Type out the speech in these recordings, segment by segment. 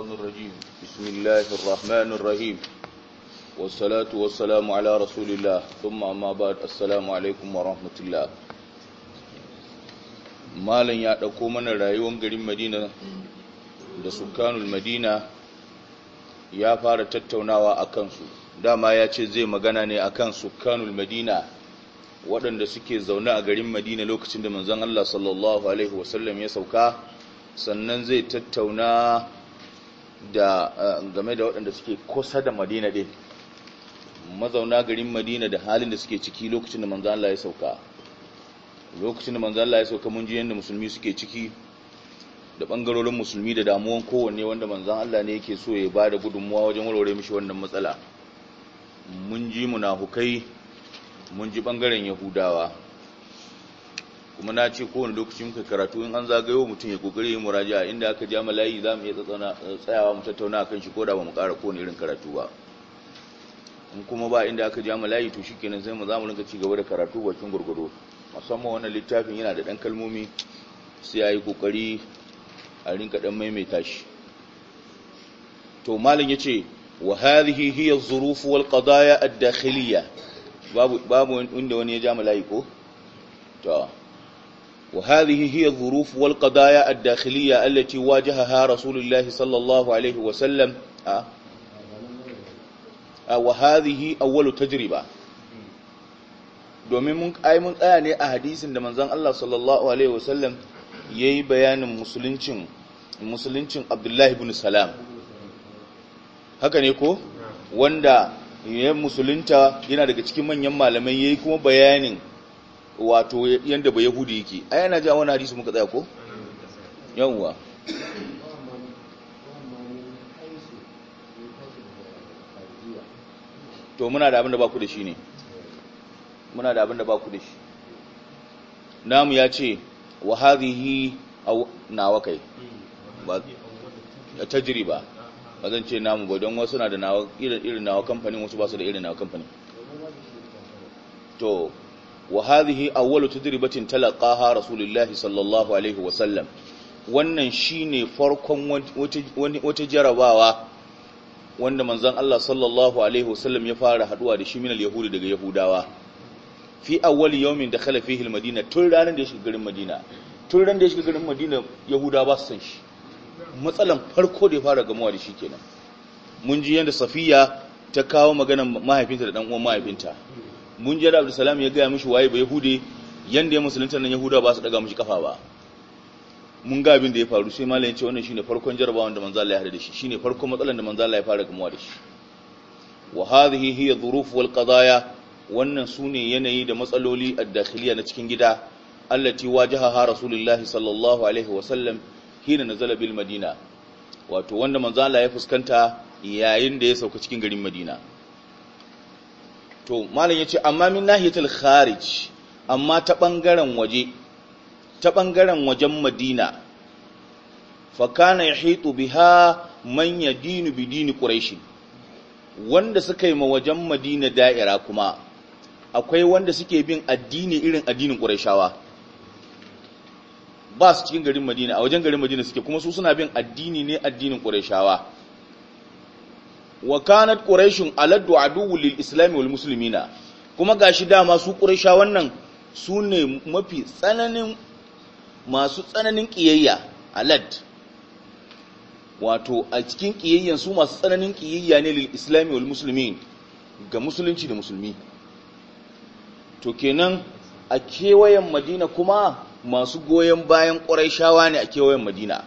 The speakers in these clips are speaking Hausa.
الشيطان الرجيم بسم malam ya ɗauko mana rayuwar garin madina da sukanul madina ya fara tattaunawa a kansu dama ya ce zai magana ne akan sukanul madina waɗanda suke zaune a garin madina lokacin da manzon allah sallallahu alaihi ya sauka sannan zai tattauna da eh, game da waɗanda suke kusa da madina ɗin mazauna garin madina da halin da suke ciki lokacin da manzan Allah sauka lokacin da manzan Allah sauka mun ji yadda musulmi suke ciki da ɓangarorin musulmi da damuwan kowanne wanda manzan Allah ne yake so ya ba da gudunmuwa wajen warware mishi wannan matsala mun ji munafukai mun ji ɓangaren yahudawa kuma na ce kowane lokaci muka karatu in an zagayo mutum ya kokari yin muraja inda aka ja malayi za mu iya eh, tsayawa mu tattauna a kan shi ko da ba mu ƙara kowane irin karatu ba in kuma ba inda aka ja layi to kenan sai mu za mu rinka ci gaba da karatu bakin gurgudo musamman wannan littafin yana da ɗan kalmomi sai ya yi kokari a rinka ɗan maimaita shi to malam ya ce wa hadhihi hiya az-zuruf wal qadaya ad dakhiliya babu babu inda wani ya ja malayi ko to وهذه هي الظروف والقضايا الداخلية التي واجهها رسول الله صلى الله عليه وسلم وهذه أول تجربة domin mun ai mun tsaya ne a hadisin da manzon Allah sallallahu alaihi wasallam yayi bayanin musuluncin musuluncin Abdullahi ibn Salam haka ne ko wanda ya musulunta yana daga cikin manyan malamai yayi kuma bayanin wato yadda ba yahudu yake ai yana ja wani hadisi muka tsaya ko yawwa to muna da abin da ba ku da shi ne muna da abin da ba ku da shi namu ya ce wa hadhihi aw nawa kai ba tajriba ba zan ce namu ba don wasu na da irin nawa kamfanin wasu ba su da irin nawa kamfanin to wa hadhihi awwalu tudribatin talaqaha rasulullahi sallallahu alaihi wa sallam wannan shine farkon wata jarabawa wanda manzon Allah sallallahu alaihi wa sallam ya fara haduwa da shi min al-yahudi daga yahudawa fi awwali yawmin dakhala fihi al-madina tun ranar da ya shiga garin madina tun ranar da ya shiga garin madina yahuda ba su san shi matsalan farko da ya fara gamuwa da shi kenan mun ji yadda safiya ta kawo maganar mahaifinta da dan uwan mahaifinta mun je da Abdulsalam ya gaya mishi waye ba Yahude yanda ya musulunta nan Yahuda ba su daga mishi kafa ba mun ga abin da ya faru sai malamin ce wannan shine farkon jarabawan da manzo Allah ya hada da shi shine farkon matsalan da manzo Allah ya fara gamuwa da shi wa hadhihi hiya dhuruf wal qadaya wannan sune yanayi da matsaloli a dakhiliya na cikin gida allati wajahaha rasulullahi sallallahu alaihi wa sallam hina nazala bil madina wato wanda manzo Allah ya fuskanta yayin da ya sauka cikin garin Madina to malam yace amma min nahiyatul kharij amma ta bangaren waje ta bangaren wajen Madina fa kana yahitu biha man yadinu bi dini quraish wanda suka yi ma wajen Madina da'ira kuma akwai wanda suke bin addini irin addinin qurayshawa ba su cikin garin Madina a wajen garin Madina suke kuma su suna bin addini ne addinin qurayshawa wa kanat quraishun aladdu aduwwu lil islam wal muslimina kuma gashi dama su quraisha wannan su ne mafi tsananin masu tsananin kiyayya alad wato a cikin kiyayyan su masu tsananin kiyayya ne lil islam wal muslimin ga musulunci da musulmi to kenan a kewayen madina kuma masu goyon bayan quraishawa ne a kewayen madina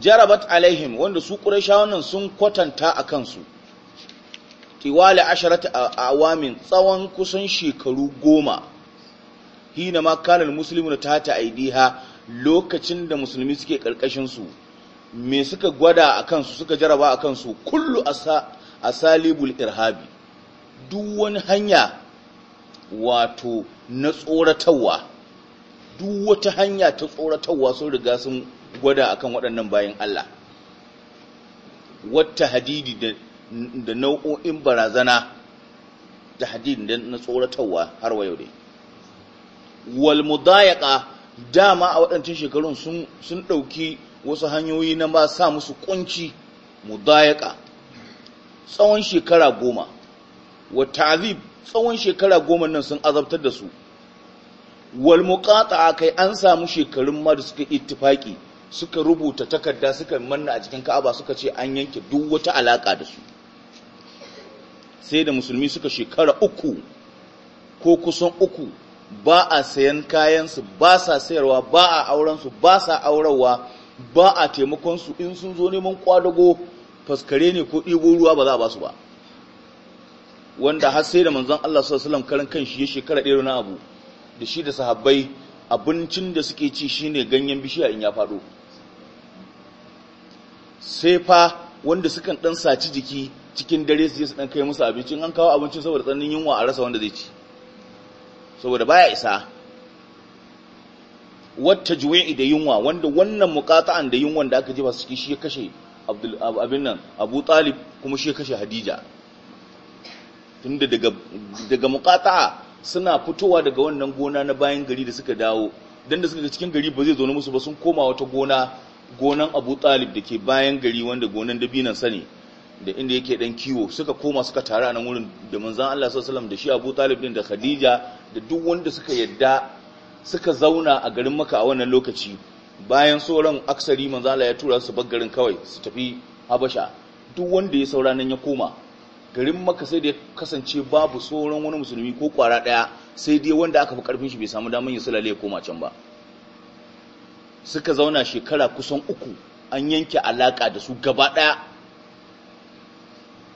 jarabat alaihim wanda su ƙurashawan nan sun kwatanta a kansu tiwala asharata awamin tsawon kusan shekaru goma hina ma kanar musulmi na tata aidiha lokacin da musulmi suke ƙarƙashinsu me suka gwada a kansu suka jaraba a kansu kullu a salibul irhabi duk wani hanya wato na tsoratarwa duk wata hanya ta tsoratarwa sun riga sun gwada akan waɗannan bayan Allah wata hadidi da nau'o'in barazana da hadidi na tsoratarwa har yau dai wal dama a waɗancan shekarun sun ɗauki wasu hanyoyi na ba sa musu ƙunci mudayaka tsawon shekara goma wata azib tsawon shekara goma nan sun azabtar da su wal muqata'a kai an samu shekarun ma da suka ittifaki suka rubuta takarda suka manna a cikin ka'aba suka ce an yanke duk wata alaka da su sai da musulmi suka shekara uku ko kusan uku ba a sayan kayansu ba sa sayarwa ba a aurensu ba sa aurarwa ba a taimakonsu in sun zo neman kwadago faskare ne ko ɗibo ruwa ba za a ba ba wanda har sai da manzon Allah sallallahu alaihi wasallam karan shi ya shekara ɗaya na abu da shi da sahabbai abincin da suke ci shi ne ganyen bishiya in ya faɗo sai fa wanda sukan dan saci jiki cikin dare su je su dan kai musu abincin an kawo abincin saboda tsananin yunwa a rasa wanda zai ci saboda baya isa wata juwe da yunwa wanda wannan muqata'an da yunwan da aka jefa su ciki shi ya kashe abin nan Abu Talib kuma shi ya kashe Hadija tunda daga daga muqata'a suna fitowa daga wannan gona na bayan gari da suka dawo dan da suka ga cikin gari ba zai zo musu ba sun koma wata gona gonan abu talib da ke bayan gari wanda gonan dabinansa ne da inda yake dan kiwo suka koma suka taru a nan wurin da manzan Allah sallallahu da shi abu talib din da khadija da duk wanda suka yadda suka zauna a garin maka a wannan lokaci bayan sauran aksari manzan Allah ya tura su bar garin kawai su tafi habasha duk wanda ya saura nan ya koma garin maka sai da ya kasance babu sauran wani musulmi ko kwara daya sai dai wanda aka fi karfin shi bai samu damar ya sulale ya koma can ba suka zauna shekara kusan uku an yanke alaka da su gaba ɗaya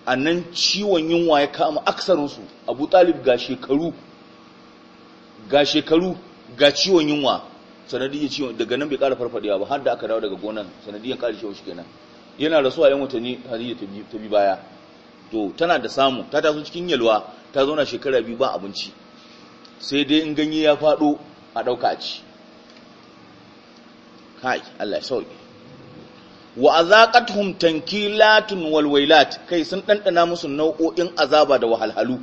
a nan ciwon yunwa ya kama aksarinsu abu talib ga shekaru ga shekaru ga ciwon yunwa sanadiyyar ciwon daga nan bai ƙara farfadewa ba har da aka dawo daga gonan sanadiyyar ƙara ciwon shi kenan yana rasuwa yan watanni hadiyya ta bi baya to tana da samu ta taso cikin yalwa ta zauna shekara biyu ba abinci sai dai in ganye ya faɗo a ɗauka a ci kai Allah sauki wa azaqatuhum tankilatun walwailat kai sun dandana musu nau'o'in azaba da wahalhalu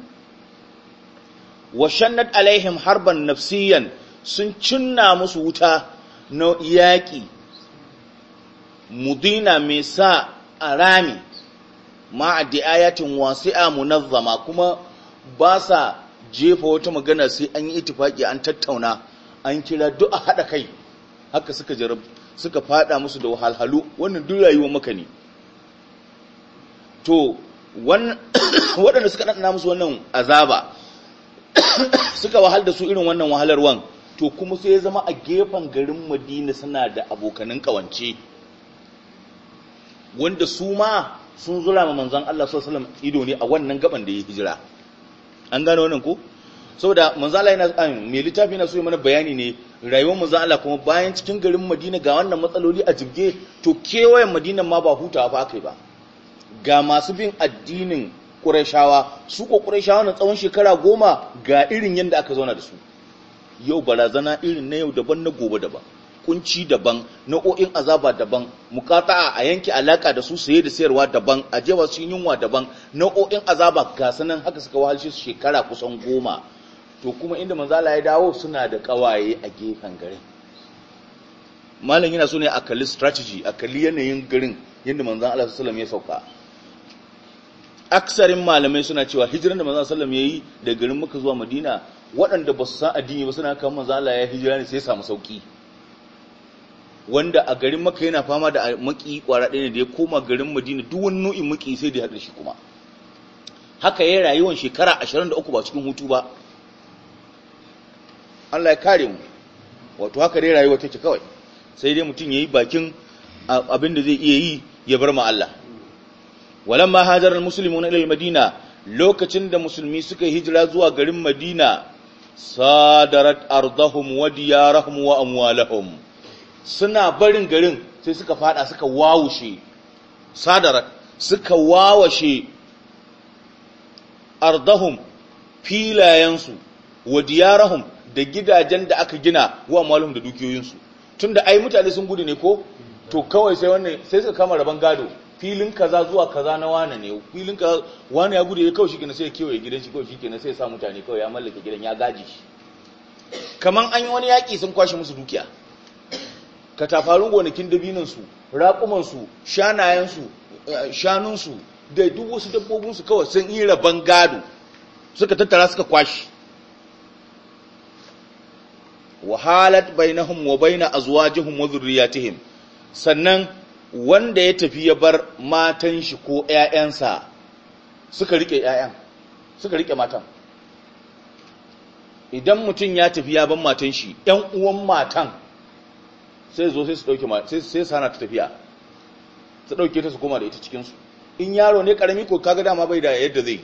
wa shannat alaihim harban nafsiyan sun cinna musu wuta na yaki mudina mai sa a rami ma a di'ayatin wasi'a munazzama kuma ba sa jefa wata magana sai an yi itifaki an tattauna an kira duk a haɗa kai haka suka jarab suka fada musu da wahalhalu wannan duk rayuwar maka ne to waɗanda suka ɗanɗana musu wannan azaba suka wahal da su irin wannan wahalarwan to kuma sai ya zama a gefen garin madina suna da abokanin ƙawance wanda su ma sun zura ma manzan Allah sallallahu alaihi ido ne a wannan gaban da ya hijira an gano wannan ko saboda manzala yana um, mai littafi na so mana bayani ne rayuwar manzon Allah kuma bayan cikin garin Madina ga wannan matsaloli a jirge to kewayen Madina ma ba hutawa ba kai ba ga masu bin addinin Qurayshawa su ko Qurayshawa na tsawon shekara goma ga irin yadda aka zauna da su yau barazana irin na yau daban na gobe daban kunci daban nau'o'in azaba daban mukata a yanke alaka da su saye da sayarwa daban a jewa su yunwa daban nau'o'in azaba ga sanan haka suka wahalshe su shekara kusan goma to kuma inda manzala ya dawo suna da kawaye a gefen garin malam yana so ne a kalli strategy a kalli yanayin garin yadda manzan Allah sallam ya sauka aksarin malamai suna cewa hijiran da manzan sallam ya yi da garin muka zuwa madina waɗanda ba su san addini ba suna kan manzan Allah ya hijira ne sai samu sauki wanda a garin maka yana fama da maki kwara ɗaya da ya koma garin madina duk wani nau'in maki sai da ya haɗa shi kuma haka ya rayuwan shekara 23 ba cikin hutu ba Allah ya kare mu wato haka dai rayuwa take kawai sai dai mutum yayi bakin abin da zai iya yi ya bar ma Allah walamma hajaral muslimuna ila madina lokacin da musulmi suka hijira zuwa garin madina sadarat ardahum wa diyarahum wa amwalahum suna barin garin sai suka fada suka wawushe sadarat suka wawashe ardahum filayensu wa diyarahum da gidajen da aka gina wa malum da dukiyoyinsu tun da ai mutane sun gudu ne ko to kawai sai wannan sai suka kama raban gado filin kaza zuwa kaza na wane ne filin kaza wane ya gudu ya kawai shikenan sai ya kewaye gidan shi kawai shikenan sai ya sa mutane kawai ya mallake gidan ya gaji shi kaman an yi wani yaki sun kwashe musu dukiya katafarun gonakin dabinan su raƙuman su shanayen su eh, shanun su da duk wasu dabbobin su kawai sun yi raban gado suka tattara suka kwashi wahalat bainahum wa baina azwajihim wa dhurriyyatihim sannan wanda ya tafi ya bar matan shi ko ƴaƴansa suka rike ƴaƴan suka rike matan idan mutum ya tafi ya bar matan shi ƴan uwan matan sai zo sai su dauke sai sai sana ta tafiya su dauke ta su koma da ita cikin su in yaro ne karami ko kaga dama bai da yadda zai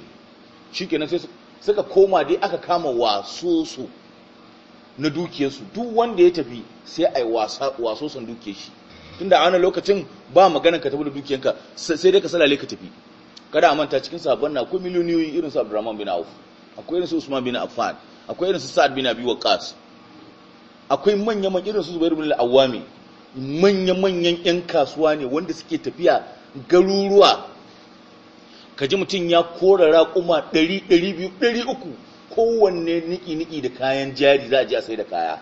shikenan sai suka koma dai aka kama wasu su na dukiyarsu duk wanda ya tafi sai a yi waso san dukiyar shi tunda a wani lokacin ba magana ka tafi da dukiyarka sai dai ka salale ka tafi kada a manta cikin sabon na akwai miliyoniyoyi irin su Abdurrahman bin Auf akwai irin su Usman bin Affan akwai irin su Sa'ad bin Abi Waqqas akwai manya-manyan irin su Zubair bin Al-Awwami manya-manyan 'yan kasuwa ne wanda suke tafiya garuruwa kaji mutum ya kora raƙuma 100 200 300 kowanne niki-niki da kayan jari za a ji a sai da kaya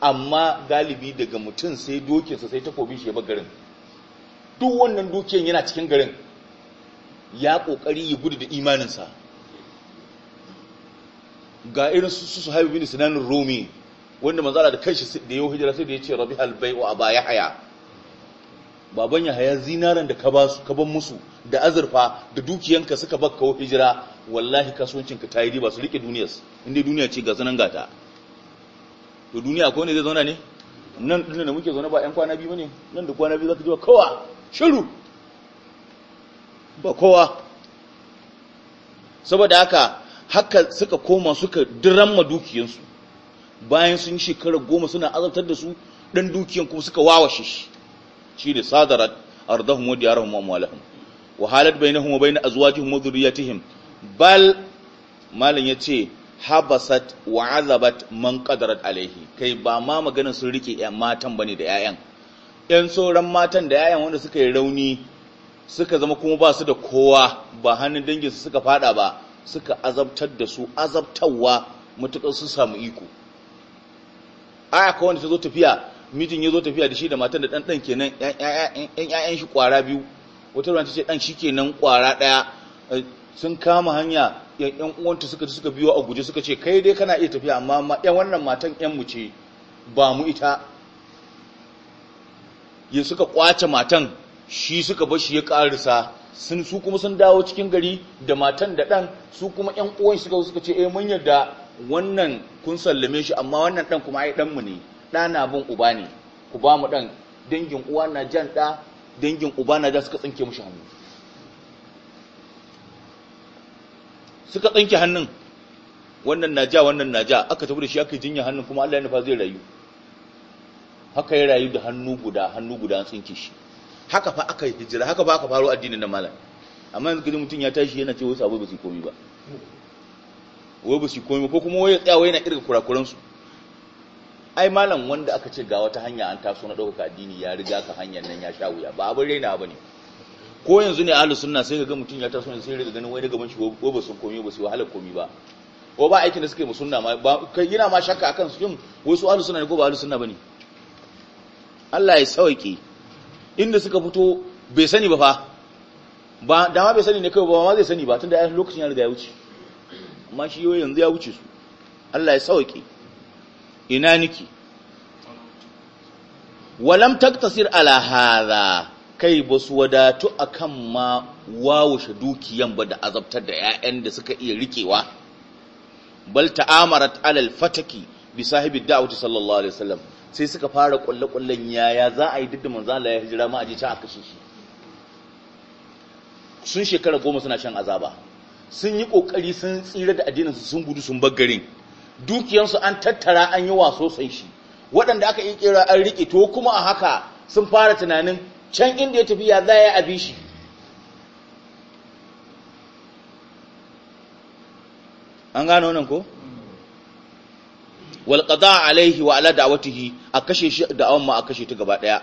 amma galibi daga mutum sai dokinsa sai takobin shi ya garin duk wannan dukiyan yana cikin garin ya kokari ya gudu da imaninsa ga irin su su haibu bin sinanin romi wanda manzala da kanshi da yau hijira sai da ya ce rabi halbai wa ba ya haya baban ya haya zinaran da ka ban musu da azurfa da dukiyanka suka bakka hijira wallahi kasuwancinka ta yi riba su rike duniyas inda duniya ce ga sanan gata to duniya ko ne zai zauna ne nan ɗin da muke zaune ba 'yan kwana biyu ne nan da kwana biyu za ka ji ba kowa shiru ba kowa saboda haka haka suka koma suka diramma dukiyansu bayan sun shekara goma suna azabtar da su ɗan dukiyan kuma suka wawashe shi shi ne sadarat ardahum wa diyarahum wa amwalahum wa halat bainahum wa bain azwajihim wa dhurriyyatihim bal malin ya ce habasat wa azabat man qadarat alaihi kai ba ma maganin sun rike matan ba ne da 'ya'yan yan sauran matan da 'ya'yan wanda suka yi rauni suka zama kuma ba su da kowa ba hannun dangin su suka fada ba suka azabtar da su azabtarwa matuƙar su samu iko aya ka wanda ta zo tafiya mijin ya zo tafiya da shi da matan da ɗan ɗan kenan yan 'ya'yan shi kwara biyu wata ruwan ta ce ɗan shi kenan kwara ɗaya. sun kama hanya yan uwanta suka suka biyo a guje suka ce kai dai kana iya tafiya amma yan wannan matan yan mu ce ba mu ita ya suka kwace matan shi suka bar shi ya karisa sun su kuma sun dawo cikin gari da matan da ɗan su kuma yan uwan suka suka ce eh mun yarda wannan kun sallame shi amma wannan ɗan kuma ai ɗan mu ne ɗana bin uba ne ku ba mu ɗan dangin uwa na jan ɗa dangin uba na da suka tsinke mushi hannu suka ɗanki hannun wannan na ja wannan na ja aka tafi da shi aka jinya hannun kuma Allah ya nufa zai rayu haka ya rayu da hannu guda hannu guda sun tsinke shi haka fa aka hijira haka fa aka faro addinin da malam amma yanzu gidan mutum ya tashi yana cewa abu ba su komi ba wai ba su komi ko kuma wai tsaya wai yana irga kurakuransu. ai malam wanda aka ce ga wata hanya an taso na dauka addini ya riga ka hanyar nan ya sha wuya ba abin raina ne ko yanzu ne ahlus sunna sai ga mutum ya taso sai daga ganin wai daga ban shi ko ba sun komi ba su wahala komi ba ko ba aikin da suke mu sunna ma yi yana ma shakka akan su yin wai su ahlus sunna ne ko ba ahlus sunna bane Allah ya sauke inda suka fito bai sani ba fa ba da ma bai sani ne kai ba ma zai sani ba tunda lokacin ya riga ya wuce amma shi yoyi yanzu ya wuce su Allah ya sauke ina niki walam taktasir ala hadha kai ba su wadatu a kan ma wawushe dukiyan ba da azabtar da 'ya'yan da suka iya rikewa bal ta'amarat alal fataki bi sahibi da'wati sallallahu alaihi wasallam sai suka fara kullakullan yaya za a yi duk da manzo Allah ya hijira ma aje ta aka kashe shi sun shekara goma suna shan azaba sun yi kokari sun tsira da addinin su sun gudu sun baggarin dukiyansu an tattara an yi waso sai shi waɗanda aka yi kera an rike to kuma a haka sun fara tunanin can inda ya tafi ya za ya abi shi an gano nan ko wal qada alaihi wa ala da'watihi a kashe shi da'awan ma a kashe ta gaba daya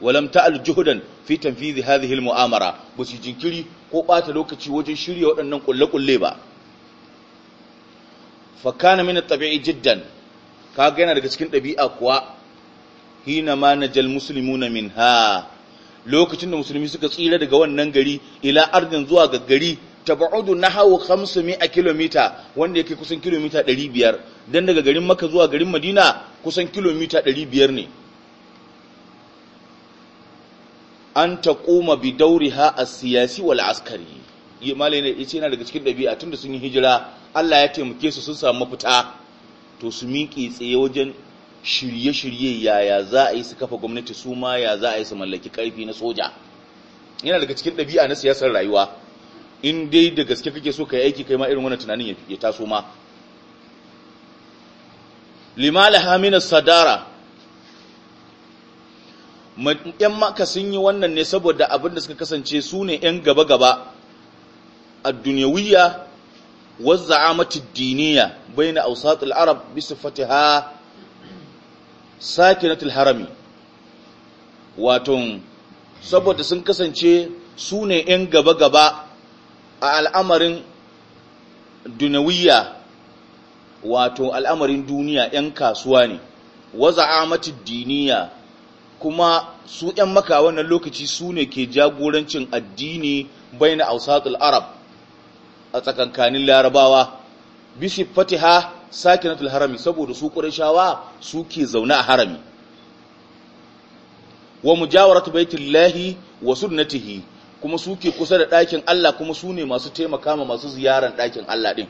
walam ta'al juhdan fi tanfizi hadhihi almu'amara mu'amara basu jinkiri ko ɓata lokaci wajen shirya waɗannan kulle-kulle ba fa kana min at-tabi'i jiddan kaga yana daga cikin ɗabi'a kuwa hina ma najal min minha lokacin da musulmi suka tsira daga wannan gari ila ardin zuwa ga gari tabaudu nahawu a kilomita wanda yake kusan kilomita 500 dan daga garin Makka zuwa garin Madina kusan kilomita 500 ne an taquma bi dawriha as-siyasi wal askari malai ne yace yana daga cikin dabi'a tunda sun yi hijira Allah ya taimake su sun samu mafita to su miƙe tsaye wajen shirye-shirye yaya za a yi su kafa gwamnati su ma ya za a yi su mallaki karfi na soja yana daga cikin ɗabi'a na siyasar rayuwa in dai da gaske kake so ka yi aiki kai ma irin wannan tunanin ya taso ma limala hamina sadara yan maka sun yi wannan ne saboda abin da suka kasance su ne yan gaba-gaba a duniyawiya wazza'amatu diniya bayna al arab bi fatiha. sakinatul harami waton saboda sun kasance su ne 'yan gaba-gaba a al'amarin dunawiya wato al'amarin duniya 'yan kasuwa ne waza amatin diniya kuma su 'yan maka wannan lokaci su ne ke jagorancin addini bai na ausatul arab a tsakankanin larabawa bisi fatiha sakinatul harami saboda su qurayshawa suke zaune a harami wa mujawaratu baitullahi wa sunnatihi kuma suke kusa da ɗakin Allah kuma su ne masu taimaka ma masu ziyaran ɗakin Allah ɗin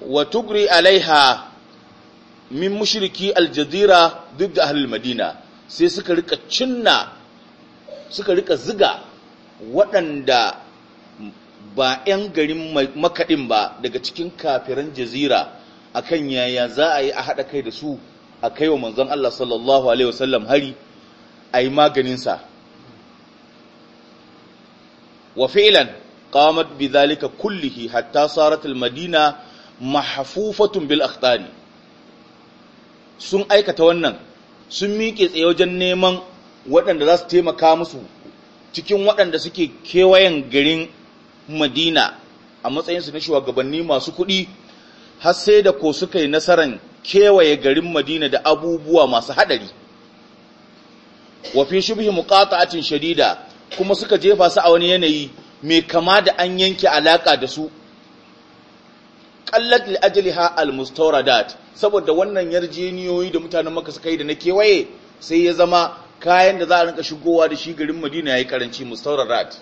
wa tugri alaiha min mushriki aljazira duk da ahlul madina sai suka rika cinna suka rika ziga waɗanda ba 'yan garin makaɗin ba daga cikin kafiran jazira akan yaya za a yi a haɗa kai da su a kai wa manzon Allah sallallahu Alaihi wasallam hari a yi maganinsa wa fi'ilan qamat bi zalika kullihi hatta sarat madina mahfufatun bil akhtari sun aikata wannan sun miƙe tsaye wajen neman waɗanda za su taimaka musu cikin waɗanda suke kewayen garin madina a matsayinsu na shugabanni masu kuɗi har sai da ko suka yi nasarar kewaye garin madina da abubuwa masu haɗari wa fi shubhi muqata'atin shadida kuma suka jefa su a wani yanayi mai kama da an yanke alaka da su qallat li ajliha dat saboda wannan yarjeniyoyi da mutanen maka suka yi da na kewaye sai ya zama kayan da za a rinka shigowa da shi garin Madina ya yayi karanci mustawradat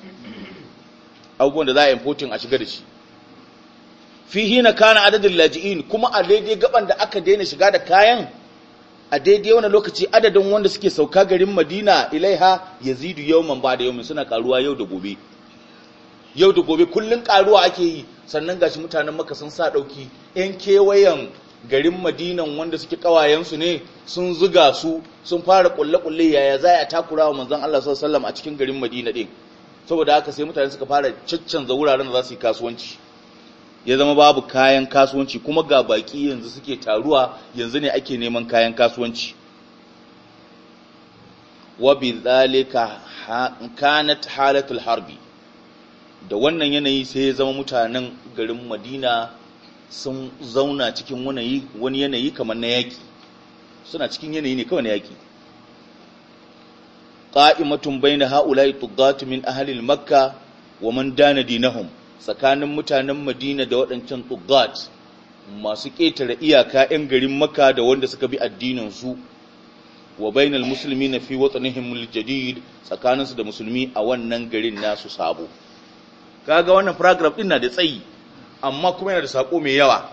abubuwan da za a importing a shiga da shi fi hina kana adadin laji'in kuma a daidai gaban da aka daina shiga da kayan a daidai wani lokaci adadin wanda suke sauka garin madina ilaiha yazidu man ba da yawmin suna karuwa yau da gobe yau da gobe kullun karuwa ake yi sannan gashi mutanen maka sun sa dauki yan kewayen garin madinan wanda suke kawayensu ne sun zuga su sun fara kulle-kulle yaya za a takura wa manzon Allah sallallahu alaihi wasallam a cikin garin madina din saboda haka sai mutane suka fara caccanza wuraren da za su yi kasuwanci ya zama babu kayan kasuwanci kuma ga baki yanzu suke taruwa yanzu ne ake neman kayan kasuwanci wabi zalika kanat halatul harbi da wannan yanayi sai ya zama mutanen garin Madina sun zauna cikin wani yanayi kamar na yaki suna cikin yanayi ne kawai na yaki qa'imatun baina haula'i tuggatu min ahli makka wa man dana dinahum tsakanin mutanen madina da waɗancan tuqat masu ketare iyaka 'yan garin makka da wanda suka bi addinin su wa bainal musulmi na fi watsanihim aljadid tsakaninsu da musulmi a wannan garin nasu sabo kaga wannan paragraph din na da tsayi amma kuma yana da sako mai yawa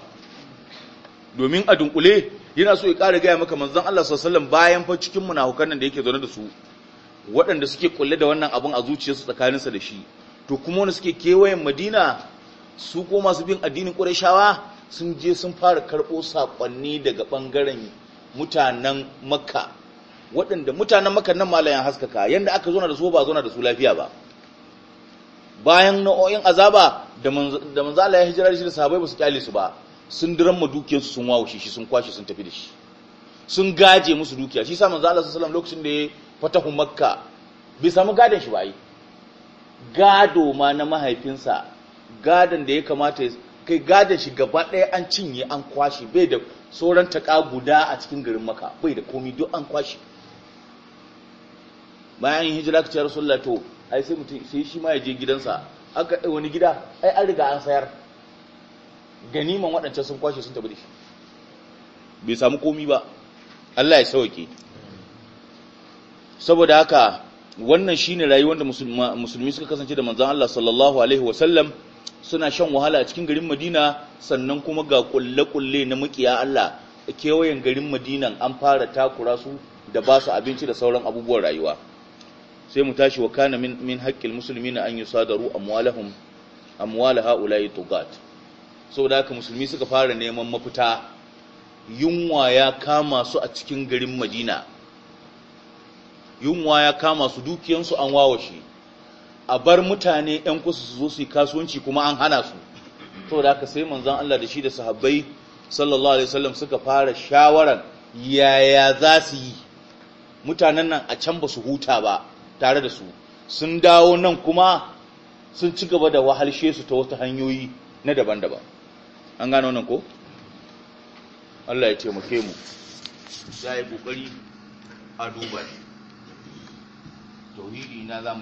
domin a dunkule yana so ya ƙara gaya maka manzon Allah sallallahu alaihi wasallam bayan fa cikin munafukan nan da yake zaune da su waɗanda suke kulle da wannan abin a zuciyarsu tsakaninsa da shi to kuma wanda suke kewayen madina su ko masu bin addinin ƙurashawa sun je sun fara karɓo saƙonni daga ɓangaren mutanen makka waɗanda mutanen makka nan malayan haskaka yadda aka zona da su ba zona da su lafiya ba bayan nau'o'in azaba da manzala ya hijira shi da sahabbai ba su kyale su ba sun diran ma dukiyarsu sun wawushe shi sun kwashe sun tafi da shi sun gaje musu dukiya shi sa manzo Allah sallallahu alaihi wasallam lokacin da ya. fatahu makka bai samu gadon shi ba yi gado ma na mahaifinsa gadon da ya kamata kai gadon shi gaba ɗaya an cinye an kwashe bai da sauran taƙa guda a cikin garin maka bai da komi duk an kwashe bayan yin hijira ka sullato to ai sai mutum sai shi ma ya je gidansa aka ɗai eh, wani gida ai an riga an sayar ganiman waɗancan sun kwashe sun tabi da shi bai samu komi ba Allah ya sauke saboda haka wannan shine rayuwar da musulmi suka kasance da manzon Allah sallallahu alaihi wasallam suna shan wahala a cikin garin Madina sannan kuma ga kulle-kulle na makiya Allah kewayen garin Madina an fara takura su da ba su abinci da sauran abubuwan rayuwa sai mu tashi wa kana min min haqqil muslimina an yusadaru a amwal haula'i tugat saboda haka musulmi suka fara neman mafita yunwa ya kama su a cikin garin Madina yunwa ya kama su dukiyansu an wawashe a bar mutane ‘yan kusa su zo su yi kasuwanci kuma an hana su to da aka sai manzan Allah da shi da sahabbai sallallahu alaihi wasallam suka fara shawaran yaya za su yi mutanen nan a can ba su huta ba tare da su sun dawo nan kuma sun ci gaba da wahalshe su ta wata hanyoyi na daban-daban an gano nan ko Allah ya taimake mu ya yi kokari a duba shi y nada más.